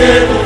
Deus.